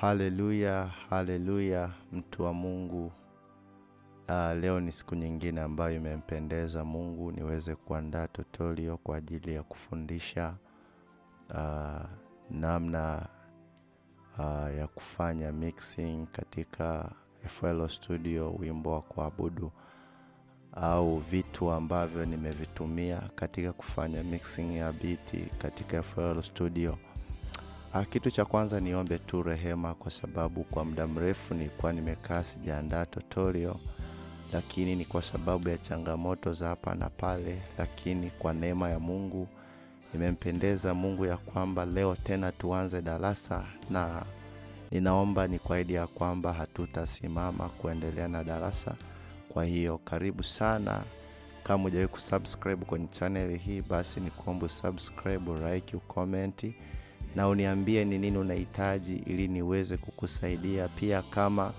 Haleluya, haleluya, mtu wa Mungu. Uh, leo ni siku nyingine ambayo imempendeza Mungu niweze kuandaa totolio kwa ajili ya kufundisha uh, namna uh, ya kufanya mixing katika FL Studio, wimbo wa kuabudu au vitu ambavyo nimevitumia katika kufanya mixing ya biti katika FL Studio. Ah, kitu cha kwanza niombe tu rehema, kwa sababu kwa muda mrefu nilikuwa nimekaa sijaandaa tutorial, lakini ni kwa sababu ya changamoto za hapa na pale, lakini kwa neema ya Mungu imempendeza Mungu ya kwamba leo tena tuanze darasa, na ninaomba ni kwaidi ya kwamba hatutasimama kuendelea na darasa. Kwa hiyo karibu sana. Kama hujawahi kusubscribe kwenye channel hii, basi ni kuombe subscribe, like, ukomenti na uniambie ni nini unahitaji ili niweze kukusaidia. Pia kama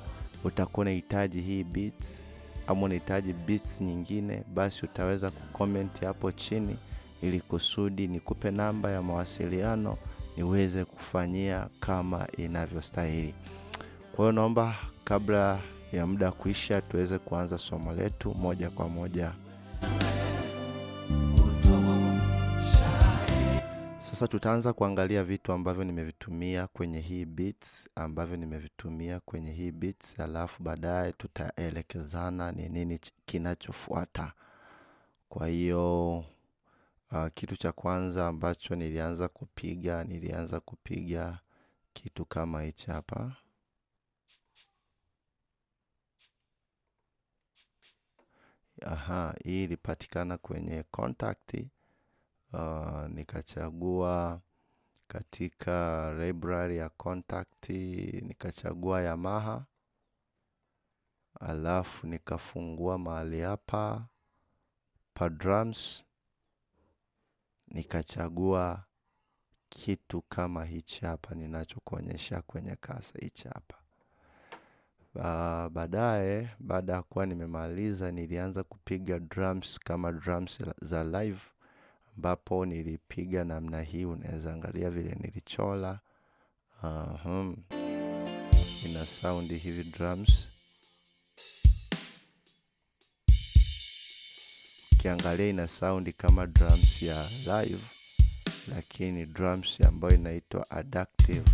utakuwa unahitaji hii beats ama unahitaji beats nyingine, basi utaweza kukomenti hapo chini ili kusudi nikupe namba ya mawasiliano niweze kufanyia kama inavyostahili. Kwa hiyo naomba kabla ya muda kuisha tuweze kuanza somo letu moja kwa moja. Sasa tutaanza kuangalia vitu ambavyo nimevitumia kwenye hii beats, ambavyo nimevitumia kwenye hii beats, alafu baadaye tutaelekezana ni nini kinachofuata. Kwa hiyo uh, kitu cha kwanza ambacho nilianza kupiga, nilianza kupiga kitu kama hichi hapa. Aha, hii ilipatikana kwenye kontakti Ah, nikachagua katika library ya contact nikachagua Yamaha alafu nikafungua mahali hapa pa drums nikachagua kitu kama hichi hapa ninachokuonyesha kwenye kasa hichi hapa. Ah, baadaye baada ya kuwa nimemaliza nilianza kupiga drums kama drums za live ambapo nilipiga namna hii, unaweza angalia vile nilichola. Uhum. Ina saundi hivi drums ukiangalia ina saundi kama drums ya live, lakini drums ambayo inaitwa adaptive.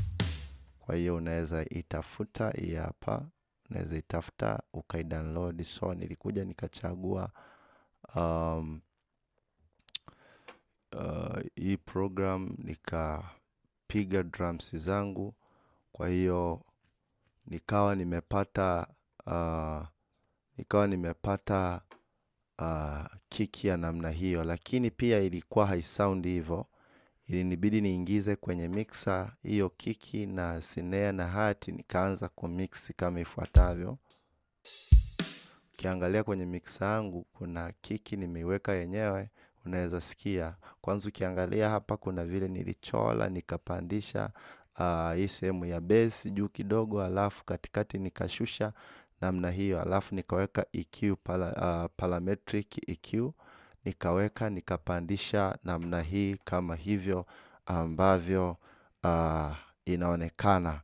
Kwa hiyo unaweza itafuta hii hapa, unaweza itafuta ukaidownload. So nilikuja nikachagua um, uh, hii program nikapiga drums zangu, kwa hiyo nikawa nimepata uh, nikawa nimepata uh, kiki ya namna hiyo, lakini pia ilikuwa haisaundi hivyo. Ilinibidi niingize kwenye mixer hiyo kiki na sinea na hati, nikaanza kumix kama ifuatavyo. Ukiangalia kwenye mixer yangu kuna kiki nimeiweka yenyewe, unaweza sikia kwanza ukiangalia hapa kuna vile nilichola nikapandisha ah, hii sehemu ya bass juu kidogo alafu katikati nikashusha namna hiyo alafu nikaweka EQ ah, parametric EQ nikaweka nikapandisha namna hii kama hivyo ambavyo uh, inaonekana.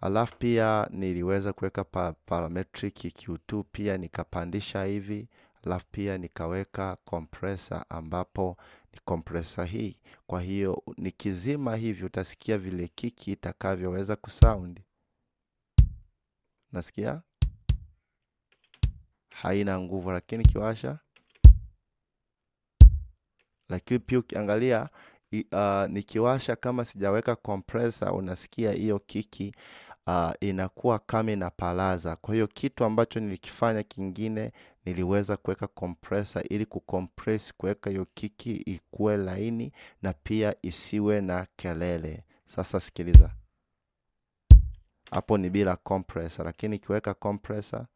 Alafu pia niliweza kuweka parametric EQ2 pia nikapandisha hivi alafu pia nikaweka kompresa ambapo ni kompresa hii. Kwa hiyo nikizima hivi utasikia vile kiki itakavyoweza kusaundi. Nasikia haina nguvu, lakini kiwasha, lakini pia ukiangalia uh, nikiwasha kama sijaweka kompresa unasikia hiyo kiki uh, inakuwa kama inapalaza. Kwa hiyo kitu ambacho nilikifanya kingine, niliweza kuweka compressor ili kucompress, kuweka hiyo kiki ikuwe laini na pia isiwe na kelele. Sasa sikiliza hapo, ni bila compressor, lakini ikiweka compressor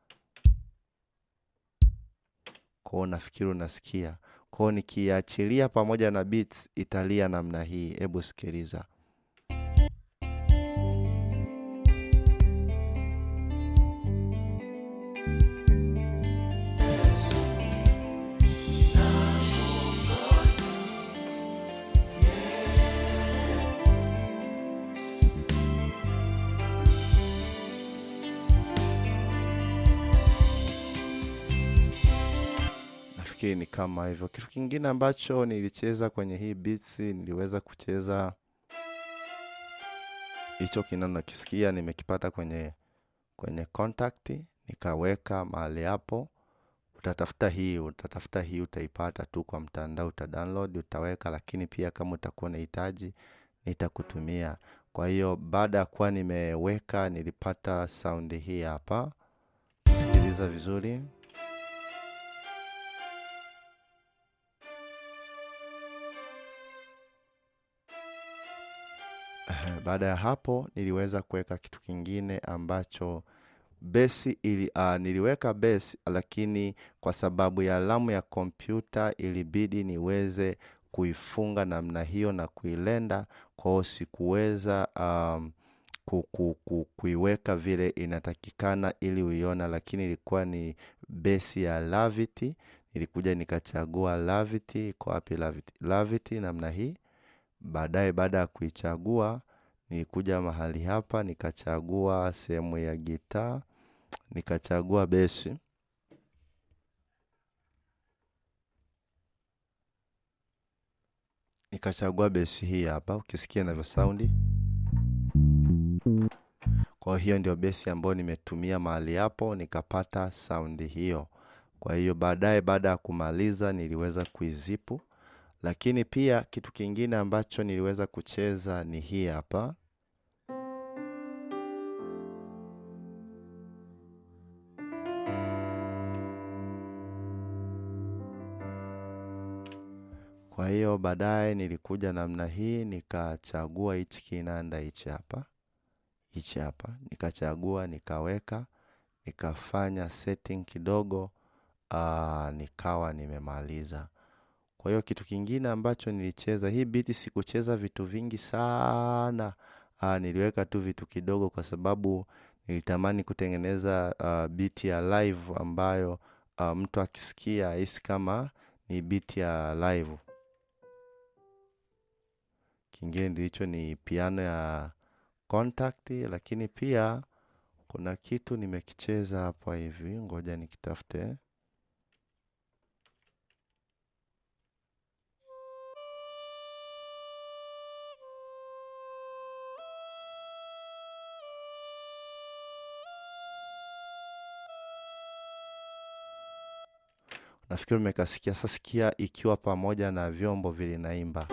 kwao, nafikiri unasikia kwao, nikiachilia pamoja na beats italia namna hii. Hebu sikiliza. nafikiri ni kama hivyo. Kitu kingine ambacho nilicheza kwenye hii beats, niliweza kucheza hicho kinanokisikia nimekipata kwenye, kwenye contact nikaweka mahali hapo. Utatafuta hii utatafuta hii utaipata tu kwa mtandao, utadownload utaweka, lakini pia kama utakuwa unahitaji nitakutumia. Kwa hiyo baada ya kuwa nimeweka, nilipata saundi hii hapa, sikiliza vizuri. Baada ya hapo niliweza kuweka kitu kingine ambacho besi ili, uh, niliweka besi lakini kwa sababu ya alamu ya kompyuta ilibidi niweze kuifunga namna hiyo na kuilenda. Kwa hiyo sikuweza um, kuiweka vile inatakikana ili uiona, lakini ilikuwa ni besi ya Laviti. Nilikuja nikachagua Laviti, iko wapi Laviti namna hii. Baadaye baada ya kuichagua Nilikuja mahali hapa, nikachagua sehemu ya gitaa, nikachagua besi. Nikachagua besi hii hapa, ukisikia inavyo saundi. Kwa hiyo ndio besi ambayo nimetumia mahali hapo, nikapata saundi hiyo. Kwa hiyo baadaye, baada ya kumaliza, niliweza kuizipu lakini pia kitu kingine ambacho niliweza kucheza ni hii hapa. Kwa hiyo baadaye nilikuja namna hii, nikachagua hichi kinanda hichi hapa, hichi hapa nikachagua, nikaweka, nikafanya setting kidogo. Aa, nikawa nimemaliza. Kwa hiyo kitu kingine ambacho nilicheza hii biti sikucheza vitu vingi sana. Ah, niliweka tu vitu kidogo kwa sababu nilitamani kutengeneza ah, biti ya live ambayo ah, mtu akisikia ahisi kama ni biti ya live. Kingine nilicho ni piano ya contact lakini pia kuna kitu nimekicheza hapa hivi ngoja nikitafute. Nafikiri umekasikia sasikia ikiwa pamoja na vyombo vilinaimba.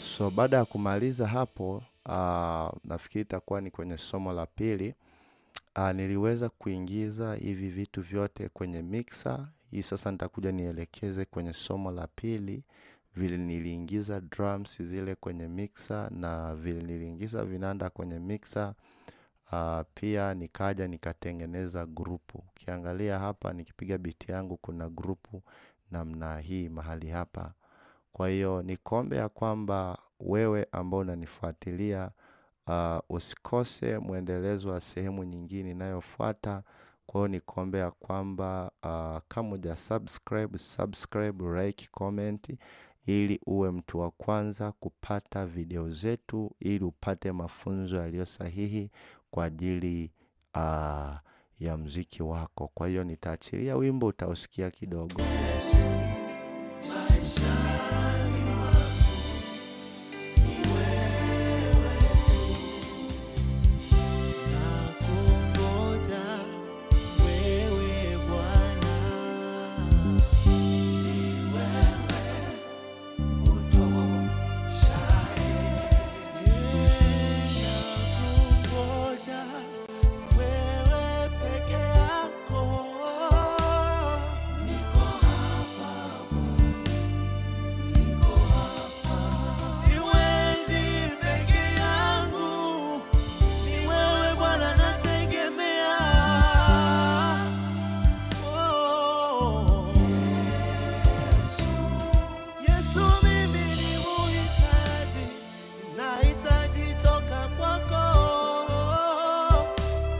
So baada ya kumaliza hapo, uh, nafikiri itakuwa ni kwenye somo la pili. Uh, niliweza kuingiza hivi vitu vyote kwenye mixer hii sasa nitakuja nielekeze kwenye somo la pili vile niliingiza drums zile kwenye mixer na vile niliingiza vinanda kwenye mixer. Uh, pia nikaja nikatengeneza grupu. Ukiangalia hapa nikipiga biti yangu kuna grupu namna hii mahali hapa. Kwa hiyo nikuombe ya kwamba wewe ambao unanifuatilia, uh, usikose mwendelezo wa sehemu nyingine inayofuata. Kwa hiyo ni kuombe ya kwamba uh, kama uja subscribe, subscribe, like, comment ili uwe mtu wa kwanza kupata video zetu ili upate mafunzo yaliyo sahihi kwa ajili uh, ya mziki wako. Kwa hiyo nitaachilia wimbo utausikia kidogo. Yesu, maisha,